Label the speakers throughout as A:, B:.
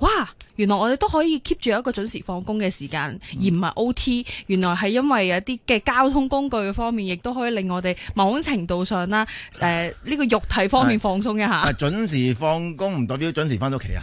A: 哇！原來我哋都可以 keep 住一個準時放工嘅時間，而唔係 OT。原來係因為有啲嘅交通工具嘅方面，亦都可以令我哋某程度上啦，誒、呃、呢個肉體方面放鬆一下。
B: 準時放工唔代表準時返到屋企啊！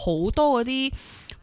A: 好多嗰啲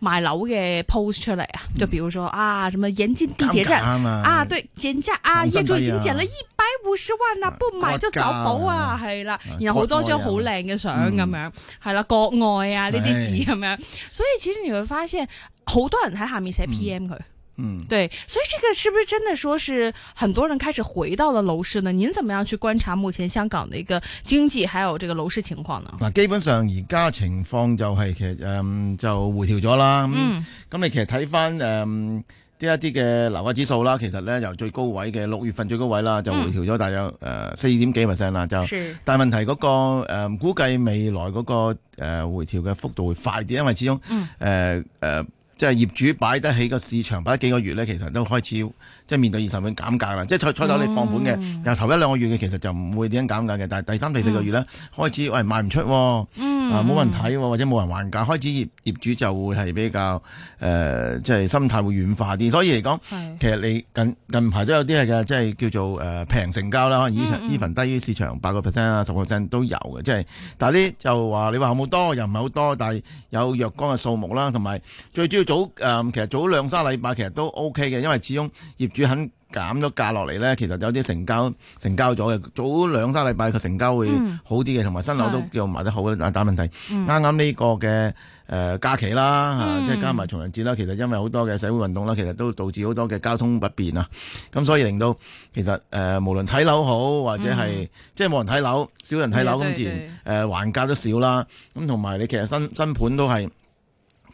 A: 賣樓嘅 post 出嚟，啊，就比如說啊，什麼引進地鐵站啊，對，減價啊，業主、啊、已經減了一百五十萬、啊，買啊、啦，不賣就走寶啊，係啦，然後好多張好靚嘅相咁樣，係啦，國外啊呢啲字咁樣，對所以之前你會發現好多人喺下面寫 PM 佢。嗯嗯，對，所以這個是不是真的，說是很多人開始回到了樓市呢？您怎麼樣去觀察目前香港的一個經濟，還有這個樓市情況呢？
B: 嗱，基本上而家情況就係其實誒、嗯、就回調咗啦，咁、嗯、咁、嗯、你其實睇翻誒啲一啲嘅樓價指數啦，其實咧由最高位嘅六月份最高位啦，就回調咗大約誒四、嗯呃、點幾 percent 啦，就，但係問題嗰、那個誒、呃、估計未來嗰、那個誒、呃、回調嘅幅度會快啲，因為始終誒誒。嗯呃呃即係業主擺得起個市場，擺得幾個月咧，其實都開始。即係面對二十蚊減價啦，即係初初你放盤嘅，又、嗯、頭一兩個月嘅其實就唔會點樣減價嘅，但係第三、第四個月咧、嗯、開始，喂、哎，賣賣唔出、啊，喎、嗯，冇、啊、人睇、啊、或者冇人還價，開始業，業主就會係比較誒，即、呃、係、就是、心態會軟化啲，所以嚟講，其實你近近排都有啲係嘅，即係叫做誒平、呃、成交啦，可能 e 依、嗯、低於市場八個 percent 啊、十個 percent 都有嘅，即係但係啲就話你話好多又唔係好多，但係有若干嘅數目啦，同埋最主要早、呃、其實早兩三禮拜其實都 OK 嘅，因為始終業主肯減咗價落嚟咧，其實有啲成交成交咗嘅，早兩三禮拜佢成交會好啲嘅，同、嗯、埋新樓都叫賣得好嘅，但係問題啱啱呢個嘅誒、呃、假期啦，嗯啊、即係加埋重陽節啦，其實因為好多嘅社會運動啦，其實都導致好多嘅交通不便啊，咁所以令到其實誒、呃、無論睇樓好或者係、嗯、即係冇人睇樓，少人睇樓，咁自然誒、呃、還價都少啦。咁同埋你其實新新盤都係。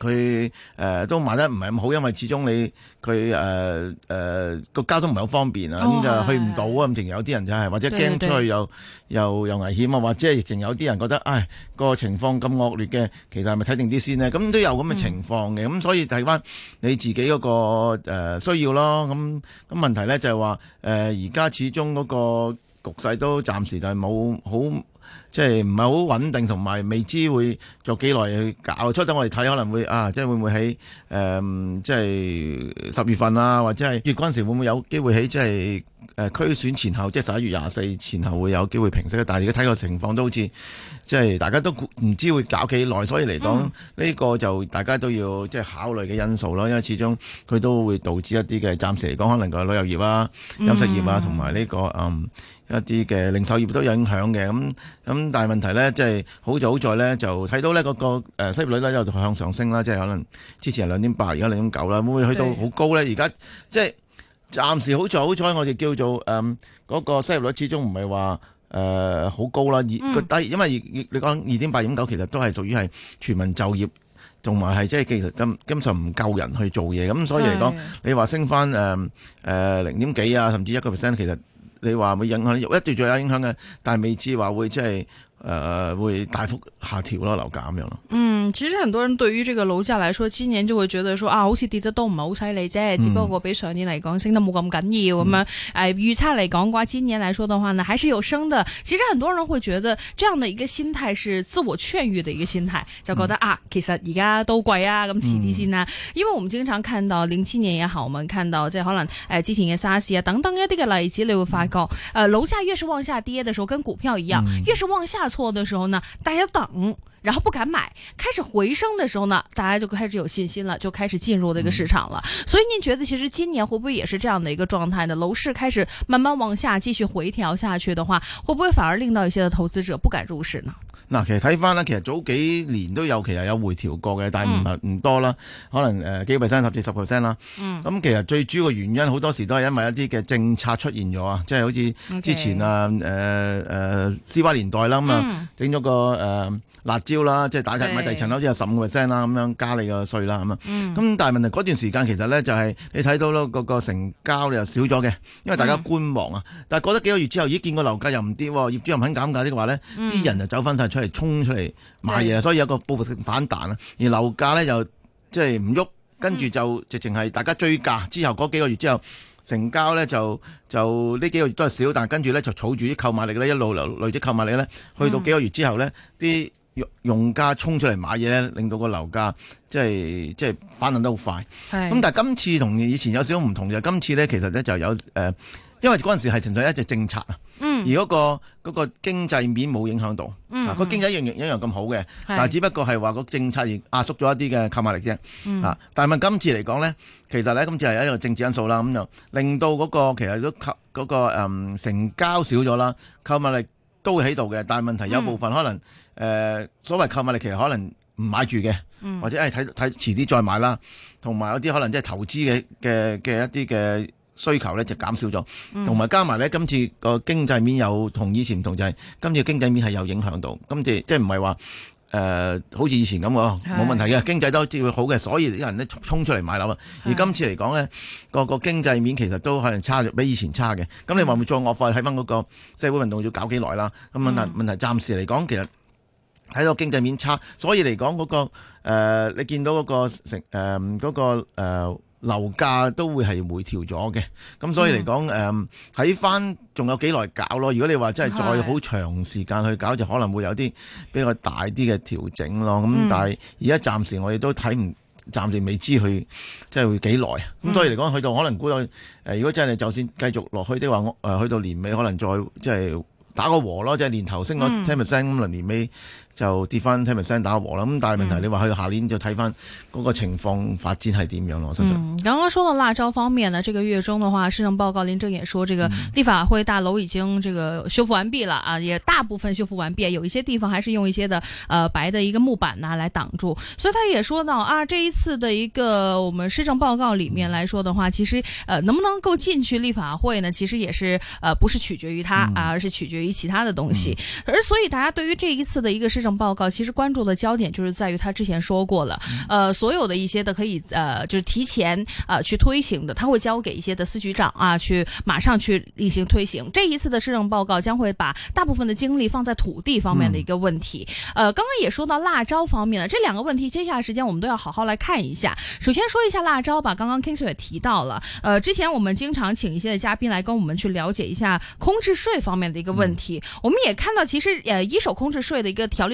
B: 佢、呃、都賣得唔係咁好，因為始終你佢誒誒個交通唔係好方便啊，咁、哦、就去唔到啊。咁仲有啲人就係、是、或者驚出去又又又危險啊，或者係仲有啲人覺得，唉、哎、個情況咁惡劣嘅，其實係咪睇定啲先呢？咁都有咁嘅情況嘅，咁、嗯、所以睇翻你自己嗰個、呃、需要咯。咁咁問題咧就係話誒而家始終嗰個局勢都暫時就係冇好。即係唔係好穩定，同埋未知會做幾耐去搞，出得我哋睇可能會啊，即係會唔會喺誒、嗯，即係十月份啊，或者係月嗰時會唔會有機會喺即係。誒區選前後，即係十一月廿四前後會有機會平息，但係而家睇個情況都好似即係大家都唔知會搞幾耐，所以嚟講呢個就大家都要即係考慮嘅因素咯。因為始終佢都會導致一啲嘅暫時嚟講，可能個旅遊業啊、飲食業啊，同埋呢個、嗯、一啲嘅零售業都有影響嘅。咁、嗯、咁但係問題呢，即係好就好在呢，就睇到呢嗰個失業率呢，又向上升啦，即係可能之前係兩點八，而家兩點九啦，會唔會去到好高呢？而家即係。暫時好彩，好彩我哋叫做誒嗰、嗯那個失業率始終唔係話誒好高啦，而低，因為你講二點八點九其實都係屬於係全民就業同埋係即係其實根根本上唔夠人去做嘢，咁所以嚟講，你話升返誒誒零點幾啊，甚至一個 percent，其實你話會影響，一定仲有影響嘅，但係未知話會即、就、係、是。誒、呃、會大幅下調咯，樓價咁樣咯。嗯，
A: 其實很多人對於這個樓價嚟講，今年就會覺得說啊，好似跌得都唔係好犀利啫，只不過比上年嚟講，升得冇咁緊要咁啊。誒預測嚟講嘅話，今年嚟講嘅話呢，還是有升的。其實很多人會覺得，這樣的嘅一個心態係自我勸喻嘅一個心態，就覺得、嗯、啊，其實而家都貴啊，咁遲啲先啦。因為我們經常看到零七年也好，我們看到即係可能誒之前嘅沙士啊等等一啲嘅例子，你會發覺誒樓價越是往下跌嘅時候，跟股票一樣，嗯、越是往下跌。錯的時候呢，大家等。然後不敢買，開始回升的時候呢，大家就開始有信心了，就開始進入呢個市場了。嗯、所以您覺得其實今年會不會也是這樣的一個狀態呢？樓市開始慢慢往下繼續回調下去的話，會不會反而令到一些的投資者不敢入市呢？
B: 嗱，其實睇翻呢，其實早幾年都有其實有回調過嘅，但係唔係唔多啦，可能誒幾 percent 甚至十 percent 啦。嗯。咁其實最主要嘅原因，好多時都係因為一啲嘅政策出現咗啊，即係好似之前啊，誒誒，CY 年代啦啊，整、呃、咗、嗯、個誒。呃辣招啦，即係打晒買第二層啦，好似係十五 percent 啦咁樣加你個稅啦，係、嗯、嘛？咁但係問題嗰段時間其實咧就係你睇到咯，嗰、那個成交又少咗嘅，因為大家觀望啊、嗯。但係過咗幾個月之後，咦見個樓價又唔跌，業主又唔肯減價的話呢啲、嗯、人就走翻晒出嚟，衝出嚟買嘢、嗯，所以有個報復性反彈啦。而樓價咧又即係唔喐，跟住就直情係大家追價。之後嗰幾個月之後，成交咧就就呢幾個月都係少，但係跟住咧就儲住啲購買力咧，一路累積購買力咧，去到幾個月之後呢。啲。用用家衝出嚟買嘢咧，令到個樓價即係即係反彈得好快。咁但係今次同以前有少少唔同嘅。今次咧，其實咧就有誒、呃，因為嗰陣時係存在一隻政策啊、嗯，而嗰、嗰個嗰、嗰個經濟面冇影響到、嗯、啊，個經濟一樣一樣咁好嘅，但係只不過係話個政策而壓縮咗一啲嘅購買力啫、嗯。啊，但係問今次嚟講咧，其實咧今次係一個政治因素啦，咁就令到嗰、嗰個其實都嗰、嗰個、嗯、成交少咗啦，購買力都喺度嘅，但係問題有部分可能、嗯。誒、呃，所謂購買力其實可能唔買住嘅，或者係睇睇遲啲再買啦。同埋有啲可能即係投資嘅嘅嘅一啲嘅需求咧，就減少咗。同、嗯、埋加埋咧，今次個經濟面又同以前唔同，就係、是、今次經濟面係有影響到。今次即係唔係話誒，好似以前咁喎，冇問題嘅經濟都只會好嘅，所以啲人咧衝出嚟買樓啊。而今次嚟講咧，個個經濟面其實都可能差咗，比以前差嘅。咁你話會唔會再惡化？喺翻嗰個社會運動要搞幾耐啦。咁問題問題，暫、嗯、時嚟講，其實。喺個經濟面差，所以嚟講嗰個誒、呃，你見到嗰、那個成誒嗰個誒樓價都會係回調咗嘅。咁所以嚟講，誒睇返仲有幾耐搞咯？如果你話真係再好長時間去搞，就可能會有啲比較大啲嘅調整咯。咁、嗯、但係而家暫時我哋都睇唔，暫時未知佢即係會幾耐。咁、嗯、所以嚟講，去到可能估誒，如果真係就算繼續落去的話，誒去到年尾可能再即係打個和咯，即係年頭升咗 ten percent，咁嚟年尾。就跌翻 percent 打和啦，咁但係問題，你話去到下年就睇翻嗰個情況發展係點樣咯，我相信、
A: 嗯。剛剛說到辣椒方面呢，這個月中的話，施政報告林鄭也說，這個立法會大樓已經這個修復完畢了啊，也大部分修復完畢，有一些地方還是用一些的，呃，白的一個木板吶、啊、來擋住。所以他也說到啊，這一次的一個我們施政報告裏面來說的話，其實，呃，能不能夠進去立法會呢？其實也是，呃，不是取決於他、啊，而是取決於其他的東西、嗯。而所以大家對於這一次的一個施政報告的、呃、能能是。呃政報告其實關注的焦點就是在於他之前說過了，呃，所有的一些的可以呃就是提前呃去推行的，他會交給一些的司局長啊去馬上去進行推行。這一次的施政報告將會把大部分的精力放在土地方面的一個問題。嗯、呃，剛剛也說到辣招方面了，這兩個問題接下來時間我們都要好好來看一下。首先說一下辣招吧，剛剛 KingSir 也提到了，呃，之前我們經常請一些的嘉賓來跟我們去了解一下空置稅方面的一個問題，嗯、我們也看到其實呃一手空置稅的一個條例。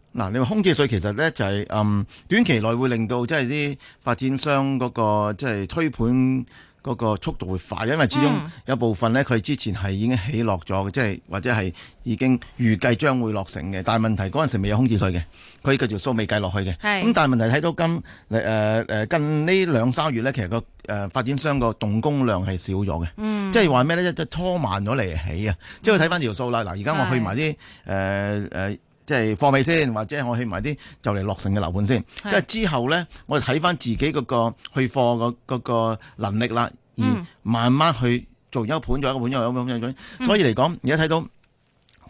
B: 嗱，你話空置稅其實咧就係，嗯，短期內會令到即係啲發展商嗰個即係推盤嗰個速度會快，因為始終有部分咧佢之前係已經起落咗嘅，即係或者係已經預計將會落成嘅。但係問題嗰陣時未有空置稅嘅，佢條數未計落去嘅。咁但係問題睇到今誒誒近呢兩三月咧，其實個誒發展商個動工量係少咗嘅，嗯，即係話咩咧，即拖慢咗嚟起啊！即係睇翻條數啦。嗱，而家我去埋啲誒誒。即係貨尾先，或者我去埋啲就嚟落成嘅樓盤先，即係是之後咧，我哋睇翻自己嗰個去貨嗰個能力啦，嗯、而慢慢去做一盤咗一盤，一盤咁一盤，所以嚟講，而家睇到嗰、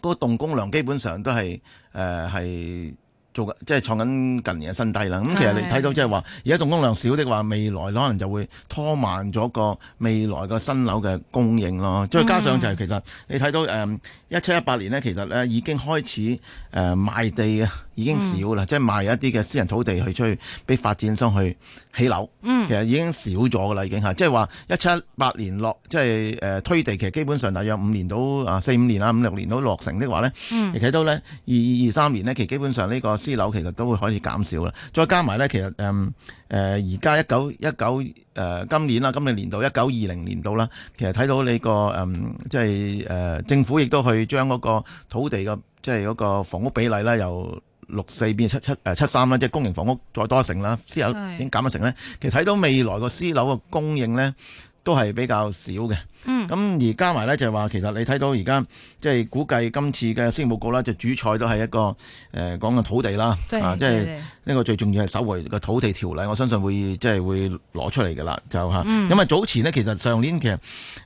B: 嗰個動工量基本上都係誒係。呃做即係創緊近年嘅新低啦，咁其實你睇到即係話，而家動工量少的話，未來可能就會拖慢咗個未來個新樓嘅供應咯。再加上就係其實你睇到誒一七一八年呢，其實咧已經開始誒、呃、賣地啊。已經少啦，即係賣一啲嘅私人土地去出去俾發展商去起樓，其實已經少咗噶啦，已經嚇。即係話一七八年落，即係誒、呃、推地，其實基本上大約五年到啊四五年啦，五六年都落成的話咧、嗯，其睇到咧二二二三年呢，其實基本上呢個私樓其實都會開始減少啦。再加埋咧，其實誒而家一九一九誒今年啦，今年年度一九二零年度啦，其實睇到你個誒、嗯、即係誒、呃、政府亦都去將嗰個土地嘅即係嗰個房屋比例啦，又。六四變七七、呃、七三啦，即係公營房屋再多一成啦，私樓，已經減一成咧。其實睇到未來個私樓嘅供應咧，都係比較少嘅。嗯，咁而加埋咧就係、是、話，其實你睇到而家即係估計今次嘅施政報告啦，就主菜都係一個誒、呃、講緊土地啦，對啊，即係呢、這個最重要係收回嘅土地條例，我相信會即係會攞出嚟嘅啦，就嚇、嗯。因為早前呢，其實上年其實、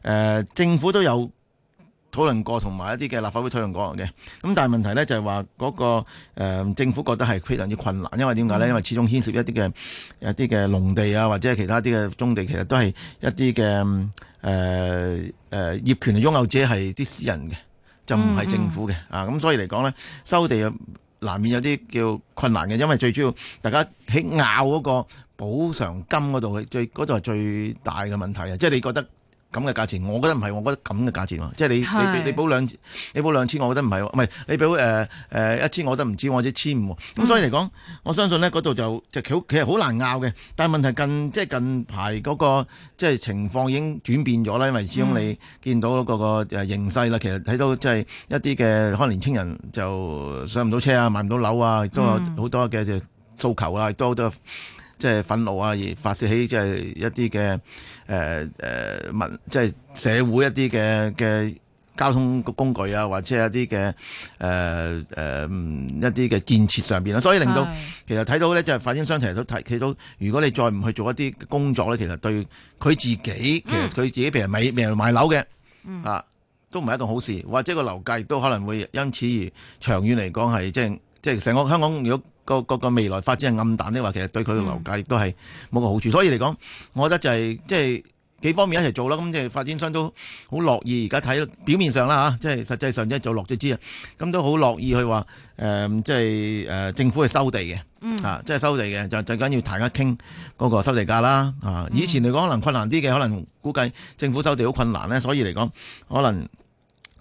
B: 呃、政府都有。討論過同埋一啲嘅立法會討論過嘅，咁但係問題咧就係話嗰個、呃、政府覺得係非常之困難，因為點解咧？因為始終牽涉一啲嘅一啲嘅農地啊，或者其他啲嘅棕地，其實都係一啲嘅誒誒業權擁有者係啲私人嘅，就唔係政府嘅、嗯嗯、啊，咁所以嚟講咧，收地難免有啲叫困難嘅，因為最主要大家喺拗嗰個補償金嗰度嘅最嗰度係最大嘅問題啊，即係你覺得？咁嘅價錢，我覺得唔係，我覺得咁嘅價錢喎，即係你你你補兩，你補兩千，我、呃呃千我，我覺得唔係，唔係你畀誒一千，我都唔知。我一千五，咁所以嚟講，我相信呢嗰度就就，就其實實好難拗嘅。但係問題近即係、就是、近排嗰、那個即係、就是、情況已經轉變咗啦，因為始終你見到嗰個形勢啦、嗯，其實睇到即係一啲嘅可能年青人就上唔到車啊，買唔到樓啊，都有好多嘅訴求啦，亦都。即、就、係、是、憤怒啊！而發泄起即係一啲嘅誒誒民，即、呃、係、呃就是、社會一啲嘅嘅交通工具啊，或者一啲嘅誒誒一啲嘅建設上面。啦。所以令到其實睇到咧，即、就、係、是、發展商其實都提到，如果你再唔去做一啲工作咧，其實對佢自己，嗯、其實佢自己譬如係未嚟買樓嘅、嗯、啊，都唔係一個好事，或者個樓價亦都可能會因此而長遠嚟講係即係即係成個香港如果。個個個未來發展係暗淡嘅話，呢話其實對佢嘅樓價亦都係冇個好處，所以嚟講，我覺得就係即係幾方面一齊做啦。咁即係發展商都好樂意，而家睇表面上啦嚇，即係實際上一係做落咗知啊。咁都好樂意去話誒，即係誒政府係收地嘅，嚇，即係收地嘅，就最緊要大家傾嗰個收地價啦。嚇，以前嚟講可能困難啲嘅，可能估計政府收地好困難咧，所以嚟講可能。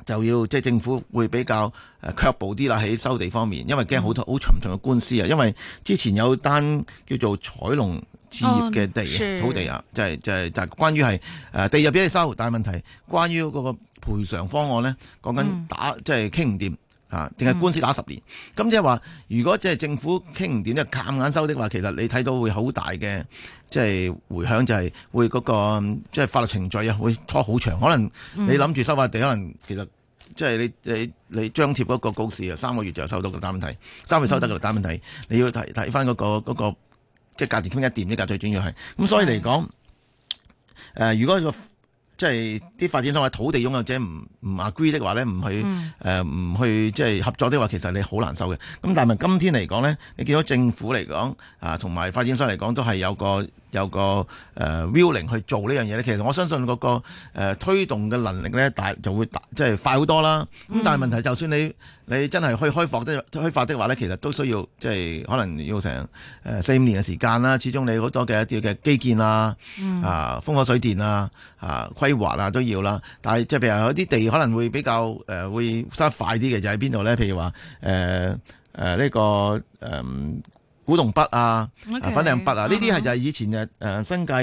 B: 就要即係、就是、政府會比較誒確保啲啦喺收地方面，因為驚好多好沉重嘅官司啊！因為之前有單叫做彩龍置業嘅地土地啊，就係、是、就係、是、就係、是、關於係誒地入俾你收，但係問題關於嗰個賠償方案咧，講緊打即係傾唔掂啊，定、就、係、是嗯、官司打十年？咁即係話如果即係政府傾唔掂咧，夾硬收的話，其實你睇到會好大嘅即係回響就係、是、會嗰、那個即係、就是、法律程序啊，會拖好長，可能你諗住收塊地，可能其實、嗯。其實即係你你你張貼嗰個告示啊，三個月就收到個單問題，三個月收得個單問題、嗯，你要睇睇翻嗰個、嗰個、即係價錢傾一掂，啲價最主要係咁，所以嚟講誒，如果個即係啲發展商或土地擁有者唔唔 agree 的話咧，唔去誒唔、嗯呃、去即係合作的話，其實你好難收嘅。咁但係今今天嚟講咧，你見到政府嚟講啊，同、呃、埋發展商嚟講都係有個。有個、呃、willing 去做呢樣嘢咧，其實我相信嗰、那個、呃、推動嘅能力咧，大就會大，即、就是、快好多啦。咁、嗯、但係問題，就算你你真係去開放的開發的話咧，其實都需要即係、就是、可能要成誒四五年嘅時間啦。始終你好多嘅一啲嘅基建啦、嗯、啊，啊風火水電啦啊，啊規劃啊都要啦。但係即係譬如有啲地可能會比較誒、呃、會收得快啲嘅，就喺邊度咧？譬如話呢、呃呃呢個、呃古洞北啊，okay, 粉嶺北啊，呢啲係就係以前嘅誒、呃、新界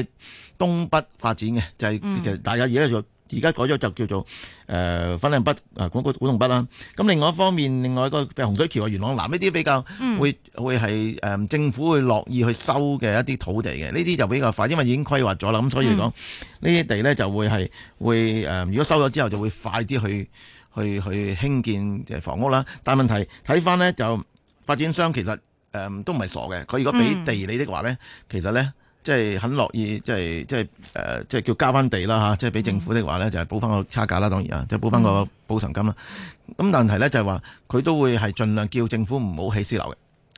B: 東北發展嘅，就係其實大家而家就而家改咗就叫做誒、呃、粉嶺北、呃、啊，古古洞北啦。咁另外一方面，另外一個譬如洪水橋啊、元朗南呢啲比較會會係誒、呃、政府會樂意去收嘅一啲土地嘅，呢啲就比較快，因為已經規劃咗啦，咁所以嚟講、嗯、呢啲地咧就會係會誒、呃，如果收咗之後就會快啲去去去，去興建即係房屋啦。但係問題睇翻咧，就發展商其實。誒、嗯、都唔係傻嘅，佢如果俾地理的話咧、嗯，其實咧即係很樂意，即係即係誒，即、就、係、是呃就是、叫交翻地啦即係俾政府的話咧、嗯、就係、是、補翻個差價啦，當然啊，即係補翻個補償金啦。咁但係咧就係話佢都會係盡量叫政府唔好起私樓嘅，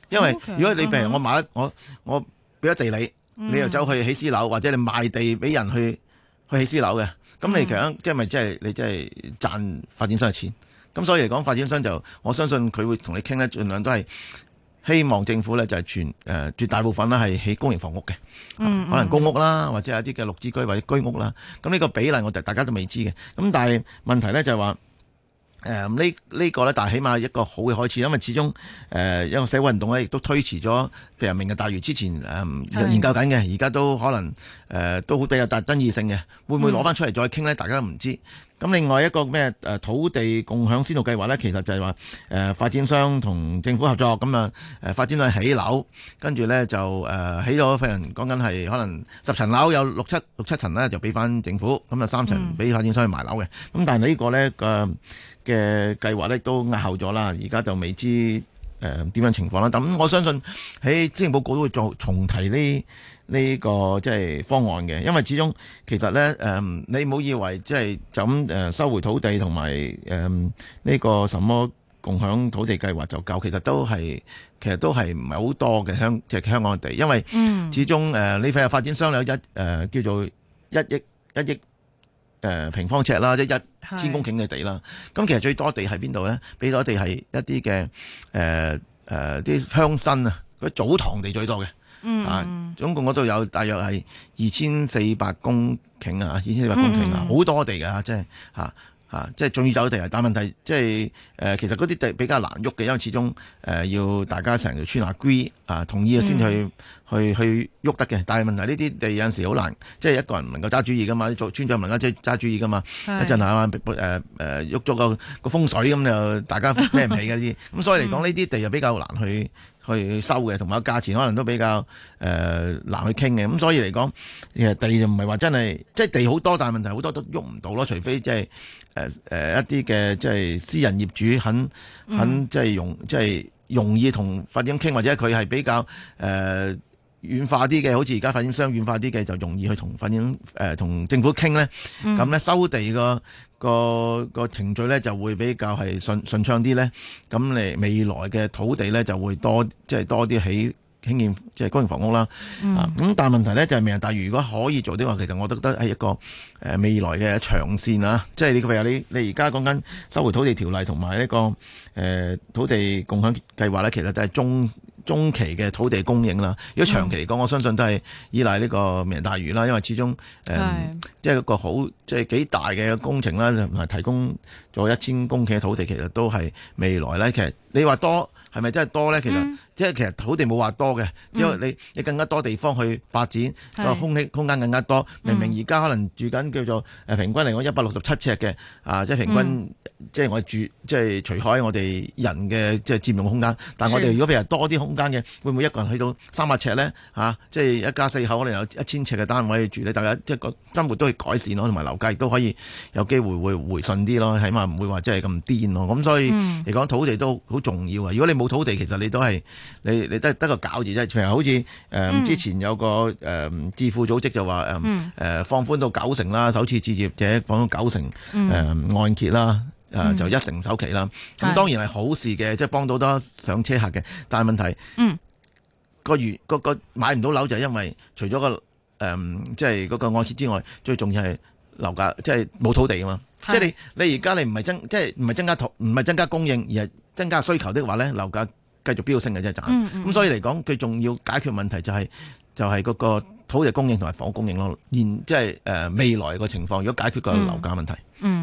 B: 因為如果你譬如我買、嗯、我我俾咗地你，你又走去起私樓，或者你賣地俾人去去起私樓嘅，咁你其實即係咪即係你即係賺發展商嘅錢？咁所以嚟講，發展商就我相信佢會同你傾咧，盡量都係。希望政府咧就係全誒、呃、絕大部分咧係起公營房屋嘅、嗯嗯啊，可能公屋啦，或者有啲嘅綠置居或者居屋啦。咁、這、呢個比例我哋大家都未知嘅。咁但係問題咧就係話呢呢個咧、這個，但係起碼一個好嘅開始，因為始終誒一個社會運動咧，亦都推遲咗譬如明日大嶼之前誒、呃、研究緊嘅，而家都可能誒、呃、都好比較大爭議性嘅，會唔會攞翻出嚟再傾咧？嗯、大家都唔知。咁另外一個咩土地共享先導計劃咧，其實就係話誒發展商同政府合作，咁啊誒發展去、呃、起樓，跟住咧就誒起咗份人講緊係可能十層樓有六七六七層咧，就俾翻政府，咁、嗯、啊、嗯、三層俾發展商去賣樓嘅。咁、嗯、但係呢個咧嘅嘅計劃咧都押後咗啦，而家就未知誒點、呃、樣情況啦。咁我相信喺財政報告都會再重提呢。呢個即係方案嘅，因為始終其實咧，誒你唔好以為即係就咁誒收回土地同埋誒呢個什麼共享土地計劃就夠，其實都係其實都係唔係好多嘅香即係香港地，因為始終誒呢批嘅發展商有一誒叫做一億一億誒平方尺啦，即一千公頃嘅地啦。咁其實最多地係邊度咧？俾多地係一啲嘅誒誒啲鄉紳啊，嗰啲祖堂地最多嘅。嗯、啊，總共嗰度有大約係二千四百公頃啊，二千四百公頃啊，好、嗯嗯、多地噶即係吓即係仲要走地啊！但問題即係誒，其實嗰啲地比較難喐嘅，因為始終誒要大家成條村 agree, 啊 a 啊同意先去、嗯、去去喐得嘅。但係問題呢啲地有陣時好難，即、就、係、是、一個人唔能夠揸主意噶嘛，啲村長、唔能夠揸主意噶嘛。一陣啊嘛，誒、啊、誒，喐咗個個風水咁就大家孭唔起噶啲。咁、 嗯啊、所以嚟講呢啲地又比較難去。去收嘅，同埋個價錢可能都比較誒、呃、難去傾嘅，咁所以嚟講，誒地就唔係話真係即係地好多，但係問題好多都喐唔到咯，除非即係誒誒一啲嘅即係私人業主肯肯即係容即係、就是、容易同發展傾，或者佢係比較誒、呃、軟化啲嘅，好似而家發展商軟化啲嘅就容易去同發展誒同、呃、政府傾咧，咁、嗯、咧收地個。個、那個程序咧就會比較係順順暢啲咧，咁未來嘅土地咧就會多，即、就、係、是、多啲起興建即係、就是、公營房屋啦。啊、嗯，咁但係問題咧就係咩？但如果可以做啲話，其實我覺得係一個誒未來嘅長線啊，即係你譬如你你而家講緊收回土地條例同埋一個誒、呃、土地共享計劃咧，其實都係中。中期嘅土地供應啦，如果長期嚟講，我相信都係依賴呢個明日大嶼啦，因為始終，誒、嗯、即、就、係、是、一個好即係幾大嘅工程啦，唔係提供。做一千公頃嘅土地，其實都係未來咧。其實你話多係咪真係多咧？其實即係其實土地冇話多嘅，因、嗯、為你你更加多地方去發展個、嗯、空氣空間更加多、嗯。明明而家可能住緊叫做誒、呃、平均嚟講一百六十七尺嘅啊，即、呃、係平均、嗯、即係我哋住即係除開我哋人嘅即係佔用空間，但我哋如果譬如說多啲空間嘅，會唔會一個人去到三百尺咧？吓、啊，即係一家四口可能有一千尺嘅單位住咧。大家即係個生活都會改善咯，同埋樓價亦都可以有機會會回順啲咯，起碼。唔會話真係咁癲咯，咁所以嚟講、嗯、土地都好重要啊！如果你冇土地，其實你都係你你得得個搞字啫。成日好似誒、呃、嗯、之前有個誒、呃、智庫組織就話誒誒放寬到九成啦，首次置業者放到九成誒、嗯、呃、按揭啦，誒、呃、就一成首期啦。咁、嗯、當然係好事嘅，即係幫到多上車客嘅。但係問題，嗯，個月個個買唔到樓就係因為除咗個誒即係嗰個按揭之外，最重要係。樓價即係冇土地啊嘛，的即係你你而家你唔係增即係唔係增加土唔係增加供應，而係增加需求的話咧，樓價繼續飆升嘅真係賺。咁、嗯嗯、所以嚟講，佢仲要解決問題就係、是、就係、是、嗰個土地供應同埋房屋供應咯。現即係誒、呃、未來個情況，如果解決個樓價問題。嗯嗯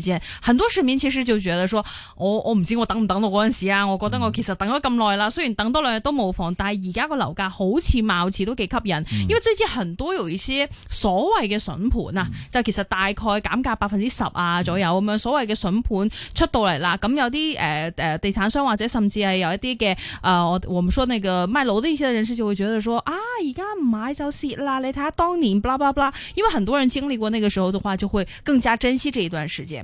A: 其實，很多市民其實就覺得說，我我唔知我等唔等到嗰陣時啊，我覺得我其實等咗咁耐啦。雖然等多兩日都冇妨，但係而家個樓價好似貌似都幾吸引，嗯，因為最近很多有一些所謂嘅筍盤啊，嗯，就其實大概減價百分之十啊左右咁樣，嗯，所謂嘅筍盤出到嚟啦。咁，嗯、有啲誒誒地產商或者甚至係有一啲嘅誒我我們說那個賣樓的一些人士就會覺得說啊，而家唔買就蝕啦，啦，啦！你睇下當年，blah blah blah 因為很多人經歷過那個時候的話，就會更加珍惜這一段時間。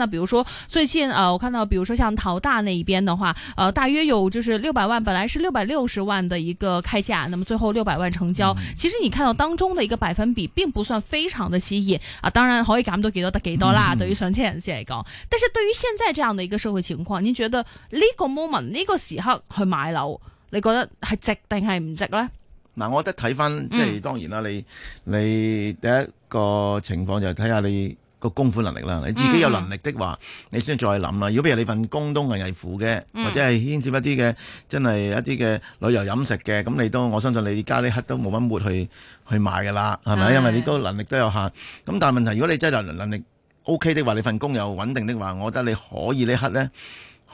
A: 那比如說最近，誒、呃，我看到，比如說像淘大那一邊的話，呃大約有就是六百萬，本來是六百六十萬的一個開價，那麼最後六百萬成交、嗯。其實你看到當中的一個百分比，並不算非常的吸引啊。當然可以減到幾多得幾多啦，嗯、對於上車人士嚟講。但是對於現在這樣嘅社會情況，你覺得呢個 moment 呢個時刻去買樓，你覺得係值定係唔值呢？
B: 嗱、嗯，我覺得睇翻，即係當然啦，你你第一個情況就睇下你。個供款能力啦，你自己有能力的話，你先再諗啦。嗯、如果譬如你份工都係易負嘅，或者係牽涉一啲嘅真係一啲嘅旅遊飲食嘅，咁你都我相信你而家呢刻都冇乜活去去買㗎啦，係咪？是因為你都能力都有限。咁但係問題，如果你真係能力 OK 的話，你份工又穩定的話，我覺得你可以呢刻呢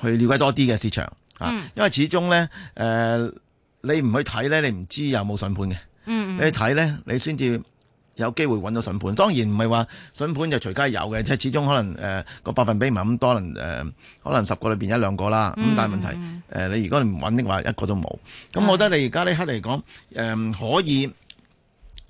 B: 去了解多啲嘅市場啊，嗯、因為始終呢，誒你唔去睇呢，你唔知有冇筍盤嘅。嗯、你去睇呢，你先至，有機會揾到筍盤，當然唔係話筍盤就隨街有嘅，即係始終可能誒個、呃、百分比唔係咁多，可能誒可能十個裏邊一兩個啦。咁、嗯、但係問題誒你、呃、如果你唔揾的話，一個都冇。咁我覺得你而家呢刻嚟講誒可以。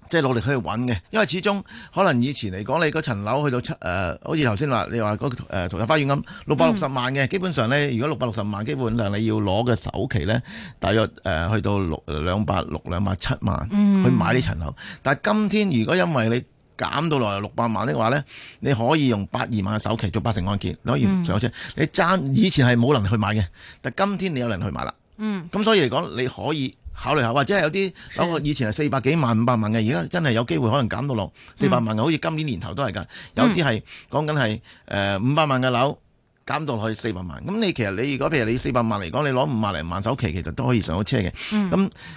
B: 即、就、係、是、努力去揾嘅，因為始終可能以前嚟講，你嗰層樓去到七誒，好似頭先話你話嗰誒同悅花園咁六百六十萬嘅、嗯，基本上呢。如果六百六十萬基本上你要攞嘅首期呢，大約誒、呃、去到六兩百六兩百七萬去買呢層樓。嗯、但係今天如果因為你減到落嚟六百萬的話呢，你可以用八二萬嘅首期做八成按揭，你可以上車。嗯、你爭以前係冇能力去買嘅，但係今天你有能力去買啦。嗯，咁所以嚟講你可以。考慮下，或者有啲樓，以前係四百幾萬、五百萬嘅，而家真係有機會可能減到落四百萬嘅、嗯，好似今年年頭都係㗎。有啲係講緊係誒五百萬嘅樓減到去四百萬。咁你其實你如果譬如你四百萬嚟講，你攞五萬零萬首期，其實都可以上到車嘅。咁、嗯、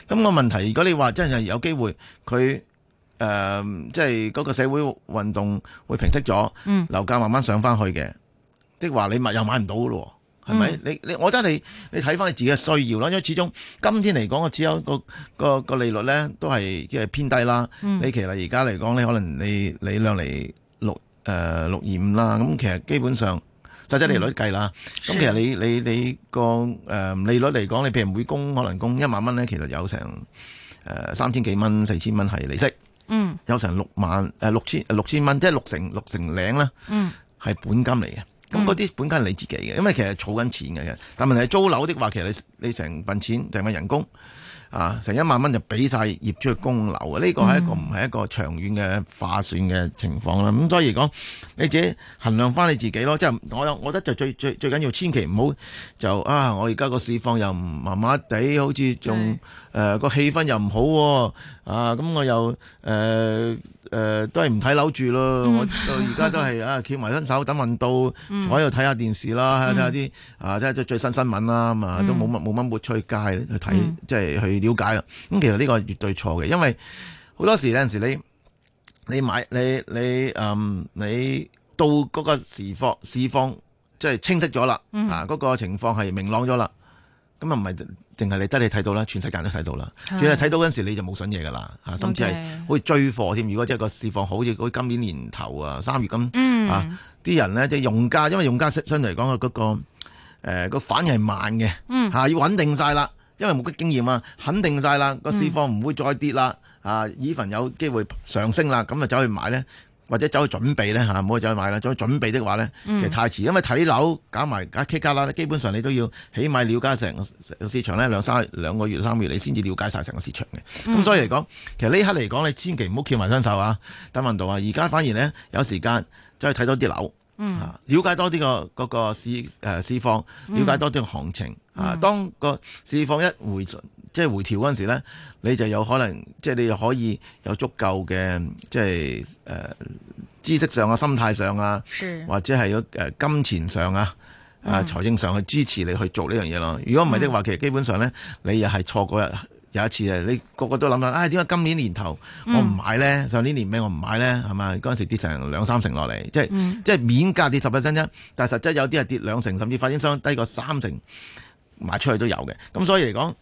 B: 咁、嗰個問題，如果你話真係有機會，佢誒即係嗰個社會運動會平息咗，樓價慢慢上翻去嘅的話，即係話、你又買唔到㗎咯。係咪、嗯？你你我真係你你睇翻你自己嘅需要啦，因為始終今天嚟講，我只有個個個利率咧都係即係偏低啦。嗯、你其實而家嚟講咧，你可能你你兩嚟六誒、呃、六二五啦，咁其實基本上實際、就係、利率計啦。咁、嗯、其實你你你個誒、呃、利率嚟講，你譬如每供可能供一萬蚊咧，其實有成誒、呃、三千幾蚊、四千蚊係利息。嗯。有成六萬誒、呃、六千、呃、六千蚊，即係六成六成零啦。嗯。係本金嚟嘅。咁嗰啲本金係你自己嘅，因為其實儲緊錢嘅。但問題係租樓的話，其實你你成份錢成份人工啊，成一萬蚊就俾晒業主去供樓，呢個係一個唔係一個長遠嘅化算嘅情況啦。咁、嗯、所以講你自己衡量翻你自己咯。即係我我覺得最最最就最最最緊要千祈唔好就啊，我而家個市況又唔麻麻地，好似仲。嗯誒、呃，個氣氛又唔好啊，啊，咁、嗯、我又誒誒、呃呃，都係唔睇樓住咯。 我到而家都係啊，翹埋雙手，等運到，我喺度睇下電視啦，睇下啲啊，即係最新新聞啦，咁啊，都冇乜冇乜，沒沒出街去睇，即 係去了解啦。咁、嗯、其實呢個係絕對錯嘅，因為好多時有陣時你你買你你誒、嗯，你到嗰個時況市況即係清晰咗啦， 啊，嗰、那個情況係明朗咗啦。咁啊，唔係淨係你得你睇到啦，全世界都睇到啦。主要睇到嗰陣時你就冇想嘢噶啦，甚至係會追貨添。如果即係個市況好似今年年頭啊三月咁，啲、嗯啊、人咧即係用家，因為用家相對嚟講、那個嗰個、呃、反應係慢嘅、啊，要穩定晒啦，因為冇啲經驗啊，肯定晒啦，個市況唔會再跌啦，啊依份有機會上升啦，咁啊走去買咧。或者走去準備咧嚇，唔好再去買啦。走去準備的話咧，其實太遲，因為睇樓搞埋搞 K 加啦，基本上你都要起碼了解成個市場咧，兩三兩個月、三個月你先至了解晒成個市場嘅。咁、嗯、所以嚟講，其實呢刻嚟講，你千祈唔好揭埋身手啊，等運道啊。而家反而咧有時間走去睇多啲樓、嗯啊，了解多啲個個個市誒市況，了解多啲個行情、嗯嗯，啊當個市況一回緩。即係回調嗰陣時咧，你就有可能，即係你又可以有足夠嘅，即係誒、呃、知識上啊、心態上啊，或者係有金錢上、嗯、啊、
A: 啊財
B: 政上去支持你去做呢樣嘢咯。如果唔係的話、嗯，其實基本上咧，你又係錯過日有一次你個個都諗啦，唉、哎，點解今年年頭我唔買咧、嗯？上年年尾我唔買咧，係嘛？嗰陣時跌成兩三成落嚟，即係、嗯、即係面價跌十分 e 啫，但係實質有啲係跌兩成，甚至發展商低過三成買出去都有嘅。咁所以嚟講。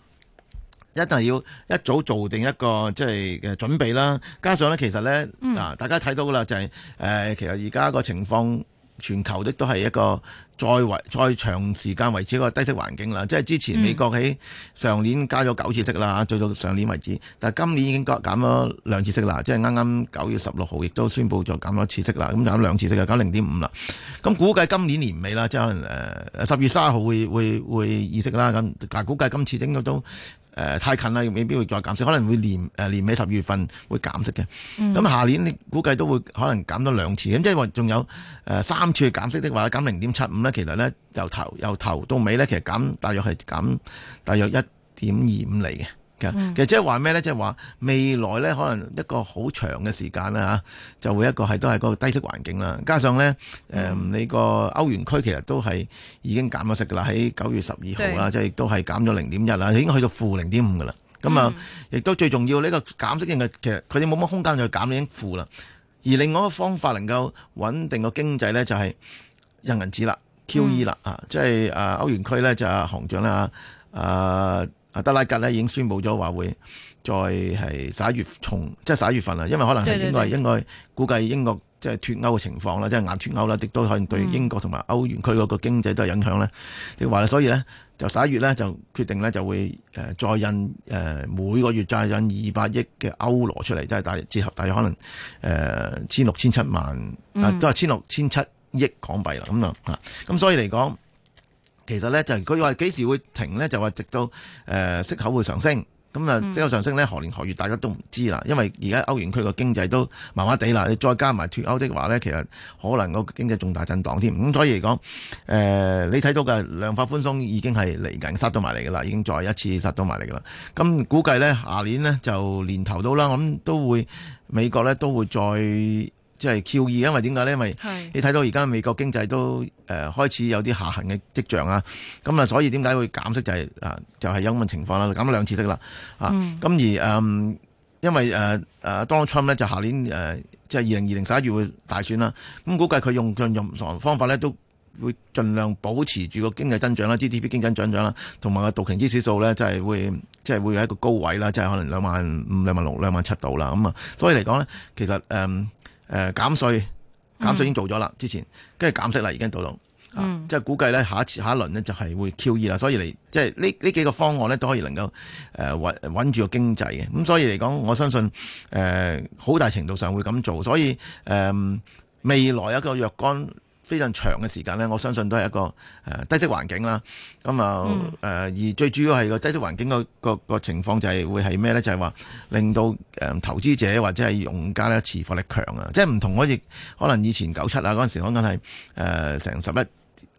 B: 一定要一早做定一個即係嘅準備啦。加上咧、嗯啊，就是呃，其實咧，嗱，大家睇到噶啦，就係誒，其實而家個情況，全球的都係一個再維再長時間維持一個低息環境啦。即係之前美國喺、嗯、上年加咗九次息啦，做到上年為止。但係今年已經減咗兩次息啦，即係啱啱九月十六號亦都宣布咗減咗一次息啦。咁、嗯、減咗兩次息，就減零點五啦。咁、嗯、估計今年年尾啦，即係可能誒十月三十號會會會議息啦。咁但估計今次應該都。誒、呃，太近啦，未必會再減息，可能會年誒年尾十二月份會減息嘅。咁、嗯、下年你估計都會可能減多兩次，咁即係話仲有誒、呃、三次減息的話減零點七五咧，75，其實咧由頭由頭到尾咧，其實減大約係減大約一點二五厘嘅。嗯、其實即係話咩咧？即係話未來咧，可能一個好長嘅時間啦、啊、就會一個係都係個低息環境啦。加上咧，誒、嗯呃、你個歐元區其實都係已經減咗息噶啦，喺九月十二號啦，即係亦都係減咗零點一啦，已經去到負零點五噶啦。咁、嗯、啊，亦都最重要呢、呢個減息型嘅，其實佢哋冇乜空間再減，已經負啦。而另外一個方法能夠穩定個經濟咧，就係印銀紙啦、QE 啦、嗯、啊，即係誒歐元區咧就係、係、行長啦啊。呃德拉格咧已經宣布咗話會再係十一月從即係十一月份啦，因為可能係應該應該估計英國即係脱歐嘅情況啦，即係硬脱歐啦，亦都可能對英國同埋歐元區嗰個經濟都有影響咧。話、嗯、呢，所以咧就十一月咧就決定咧就會誒再印誒每個月再印二百億嘅歐羅出嚟，即係大約折合，大約可能誒千六千七萬、嗯、啊，都係千六千七億港幣啦，咁啊嚇，咁所以嚟講。其實咧就佢話幾時會停咧？就話直到誒、呃、息口會上升，咁啊息口上升咧，何年何月大家都唔知啦。因為而家歐元區個經濟都麻麻地啦，你再加埋脱歐的話咧，其實可能個經濟重大震盪添。咁所以嚟講、呃，你睇到嘅量化寬鬆已經係嚟緊，塞到埋嚟嘅啦，已經再一次塞到埋嚟嘅啦。咁估計咧下年呢，就年頭到啦，我諗都會美國咧都會再。即係 Q 二，因為點解咧？因為你睇到而家美國經濟都誒、呃、開始有啲下行嘅跡象啊。咁啊，所以點解會減息就係、是、啊，就係因為情況啦，減咗兩次息啦啊。咁、嗯、而誒、嗯，因為誒誒 Donald Trump 咧就下年誒，即係二零二零十一月會大選啦。咁估計佢用佢用唔同方法咧，都會盡量保持住個經濟增長啦，GDP 經濟增長啦，同埋個道瓊斯指數咧，即、就、係、是、會即係、就是、會喺一個高位啦，即、就、係、是、可能兩萬五、兩萬六、兩萬七度啦。咁啊，所以嚟講咧，其實誒。嗯誒減稅，減稅已經做咗啦，之前跟住減息啦，已經到到，啊，即、嗯、係估計咧，下一次下一輪咧就係會 QE 啦，所以嚟即係呢呢幾個方案咧都可以能夠誒、呃、穩住個經濟嘅，咁所以嚟講，我相信誒好、呃、大程度上會咁做，所以誒、呃、未來一個若干。非常長嘅時間咧，我相信都係一個誒、呃、低息環境啦。咁啊誒，嗯、而最主要係個低息環境嘅個個情況就係、是、會係咩咧？就係、是、話令到誒、嗯、投資者或者係用家咧持貨力強啊！即係唔同我亦可能以前九七啊嗰陣時，可能係誒成十一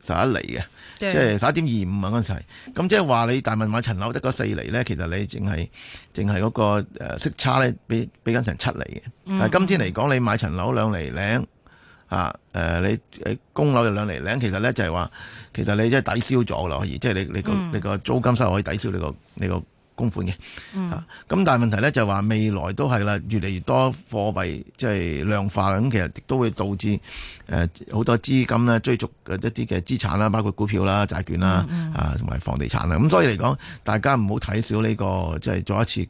B: 十一釐嘅，呃、11, 11即係十一點二五啊嗰陣時是。咁即係話你大文買層樓得個四厘咧，其實你淨係淨係嗰個誒、呃、息差咧，比比緊成七厘嘅。嗯、但係今天嚟講，你買層樓兩厘零。啊，呃、你你供樓嘅兩厘零，其實咧就係、是、話，其實你即係抵消咗咯，而即係你你個、嗯、你個租金收入可以抵消你個你個供款嘅。啊，咁但係問題咧就係、是、話未來都係啦，越嚟越多貨幣即係量化，咁其實亦都會導致誒好、呃、多資金咧追逐一啲嘅資產啦，包括股票啦、債券啦，嗯、啊同埋房地產啦。咁、啊嗯、所以嚟講，大家唔好睇少呢個即係再一次誒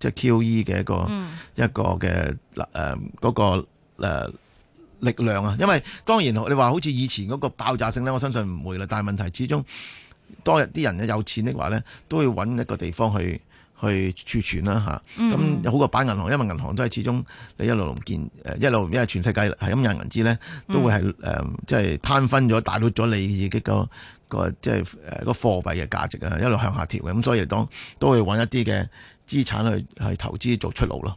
B: 即係 QE 嘅一個、嗯、一個嘅嗰、呃那個、呃力量啊！因為當然你話好似以前嗰個爆炸性咧，我相信唔會啦。但係問題始終多啲人有錢的話咧，都會揾一個地方去去儲存啦吓，咁、嗯、好過擺銀行，因為銀行都係始終你一路唔見誒一路，因為全世界係印銀紙咧，都會係誒即係攤分咗、大到咗你自己、嗰個、嗰個即係誒個貨幣嘅價值啊，一路向下調嘅。咁所以嚟講都會揾一啲嘅資產去去投資做出路咯。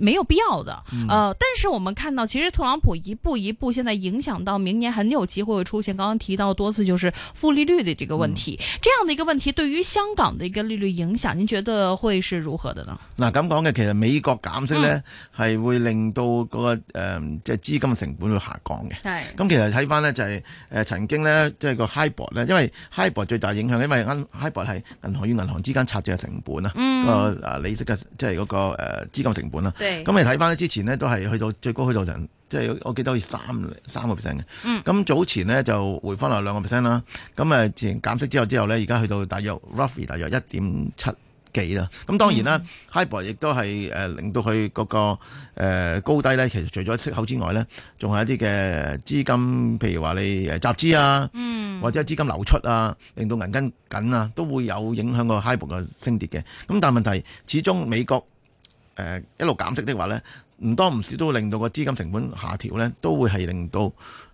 A: 沒有必要的，呃，但是我們看到其實特朗普一步一步，現在影響到明年很有機會會出現，剛剛提到多次就是負利率的這個問題，嗯，這樣的一個問題對於香港的一個利率影響，你覺得會是如何的呢？
B: 嗱咁講嘅，其實美國減息呢，係、嗯、會令到、那個誒即係資金成本會下降嘅。係咁，其實睇返呢，就係、是、誒、呃、曾經呢，即、就、係、是、個 HIBOR 咧，因為 HIBOR 最大影響，因為啱 HIBOR 係銀行與銀行之間拆借嘅成本，嗯，那個、啊，個誒利息嘅即係嗰個誒、呃、資金成本啊。咁你睇翻咧，嗯、之前呢，都係去到最高去到成，即、就、係、是、我記得好似三三個 percent 嘅。咁、嗯、早前呢，就回翻嚟兩個 percent 啦。咁、嗯、前減息之後之後呢，而家去到大約 roughly 大約一點七幾啦。咁、嗯嗯、當然啦 HIBOR 亦都係、呃、令到佢嗰、那個、呃、高低咧，其實除咗息口之外咧，仲係一啲嘅資金，譬如話你集資啊、嗯，或者資金流出啊，令到銀根緊啊，都會有影響個 HIBOR 嘅升跌嘅。咁但係問題始終、嗯、美國。誒、呃、一路減息的話咧，唔多唔少都會令到個資金成本下調咧，都會係令到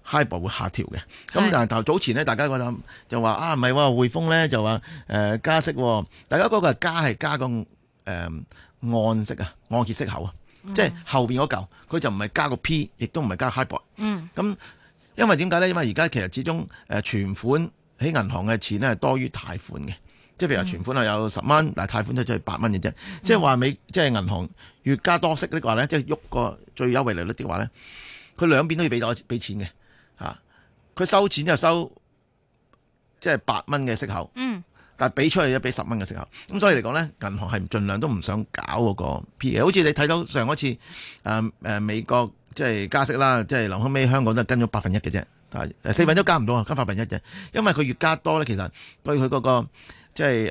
B: HIBOR 會下調嘅。咁但係頭早前咧，大家覺得就、啊，就話啊，唔係喎，匯豐咧就話誒加息、哦，大家嗰個加係加個誒按、呃、息啊，按揭息、息口啊、嗯，即係後面嗰嚿，佢就唔係加個 P，亦都唔係加 HIBOR。嗯。咁因為點解咧？因為而家其實始終誒存款喺銀行嘅錢咧係多於貸款嘅。即係譬如話存款係有十蚊，但係貸款都只係八蚊嘅啫。即係話美，即係銀行越加多息嘅話咧，即係喐個最優惠利率嘅話咧，佢兩邊都要俾多俾錢嘅嚇。佢、啊、收錢就收即係八蚊嘅息口，嗯，但係俾出去一俾十蚊嘅息口。咁所以嚟講咧，銀行係盡量都唔想搞嗰個 P。譬如好似你睇到上一次誒誒、啊啊、美國即係加息啦，即係臨後尾香港都係跟咗百分一嘅啫，但、啊、係四分都加唔到啊，跟、嗯、百分一啫。因為佢越加多咧，其實對佢嗰個即係誒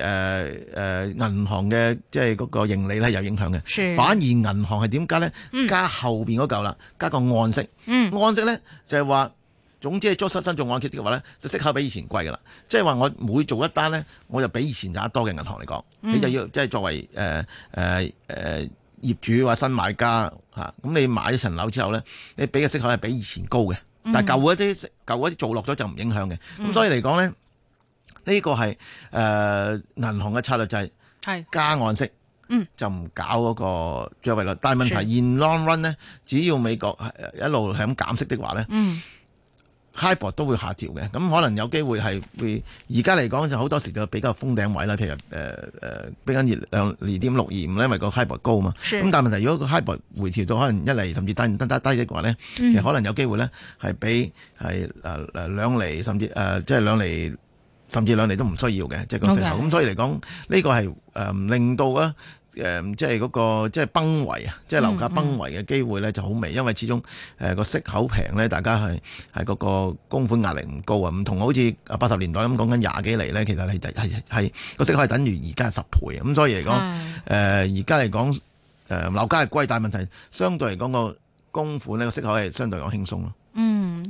B: 誒銀行嘅，即係嗰、那個盈利咧，有影響嘅、嗯。反而銀行係點加咧？加後面嗰嚿啦，加個按息。按息咧就係、是、話總之係做新做按揭嘅話咧，就息口比以前貴㗎啦。即係話我每做一單咧，我就比以前賺得多嘅銀行嚟講、嗯，你就要即係、就是、作為誒誒誒業主或新買家咁、啊、你買咗層樓之後咧，你俾嘅息口係比以前高嘅，但係舊嗰啲舊嗰啲做落咗就唔影響嘅。咁、嗯、所以嚟講咧。呢、這個係誒、呃、銀行嘅策略就係加岸息嗯，就唔搞嗰個著圍率。但係問題，現 long run 咧，只要美國係一路係咁減息的話咧，嗯，HIBOR 都會下調嘅。咁可能有機會係會而家嚟講就好多時就比較封頂位啦。譬如誒誒、呃，比緊二兩二點六二五咧，因為個 HIBOR 高嘛。咁但係問題，如果個 HIBOR 回調到可能一釐甚至低低低低嘅話咧，其實可能有機會咧係比係誒誒兩釐甚至誒即係兩釐。呃就是甚至兩厘都唔需要嘅，就是 okay. 嗯，這個呃呃，即係講咁所以嚟講，呢個係誒令到啊誒，即係嗰個即係崩圍啊，即係樓價崩圍嘅機會咧就好微，mm-hmm. 因為始終誒個，呃、息口平咧，大家係係嗰個供款壓力唔高啊。唔同好似八十年代咁講緊廿幾厘咧，其實係係係個息口係等於而家十倍咁，嗯、所以嚟講，誒而家嚟講，誒、呃、樓價係貴，但係問題相對嚟講個供款呢個息口係相對講輕鬆咯。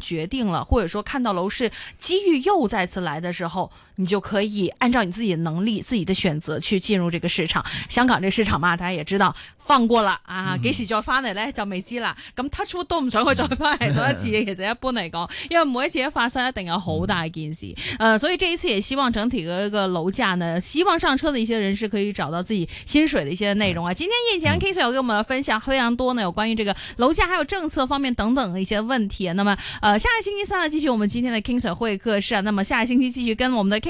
A: 決定了，或者說看到樓市機遇又再次來的時候。你就可以按照你自己的能力、自己的選擇去進入這個市場。香港這市場嘛，大家也知道，放過了啊，mm-hmm. 給洗就要奶來，就美機啦。咁他出動會都唔想去再翻嚟多一次。其實一般嚟講，因為每一次一發生，一定有好大件事。Mm-hmm. 呃，所以這一次也希望整體的一個樓價呢，希望上車的一些人士可以找到自己薪水的一些內容啊。Mm-hmm. 今天葉景強 King Sir 有跟我們分享非常多呢，有關於這個樓價還有政策方面等等的一些問題。那麼，呃，下個星期三呢，繼續我們今天的 King Sir 會客室啊。那麼下個星期繼續跟我們的 King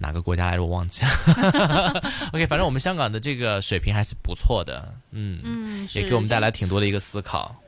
A: 哪個國家來着？我忘記了。 OK，反正我們香港的這個水平還是不錯的，嗯，嗯也給我們帶來挺多的一個思考。是是是。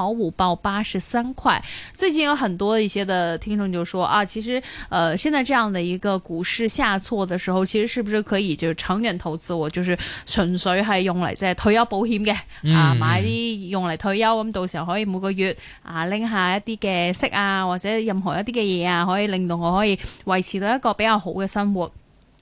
A: 保五報八十三塊，最近有很多一些的聽眾就說啊，其實，呃，現在這樣的一個股市下挫的時候，其實是不是可以就長遠投資我，就是純粹係用嚟即係退休保險嘅、嗯，啊，買啲用嚟退休，咁到時候可以每個月啊拎下一啲嘅息啊，或者任何一啲嘅嘢啊，可以令到我可以維持到一個比較好嘅生活。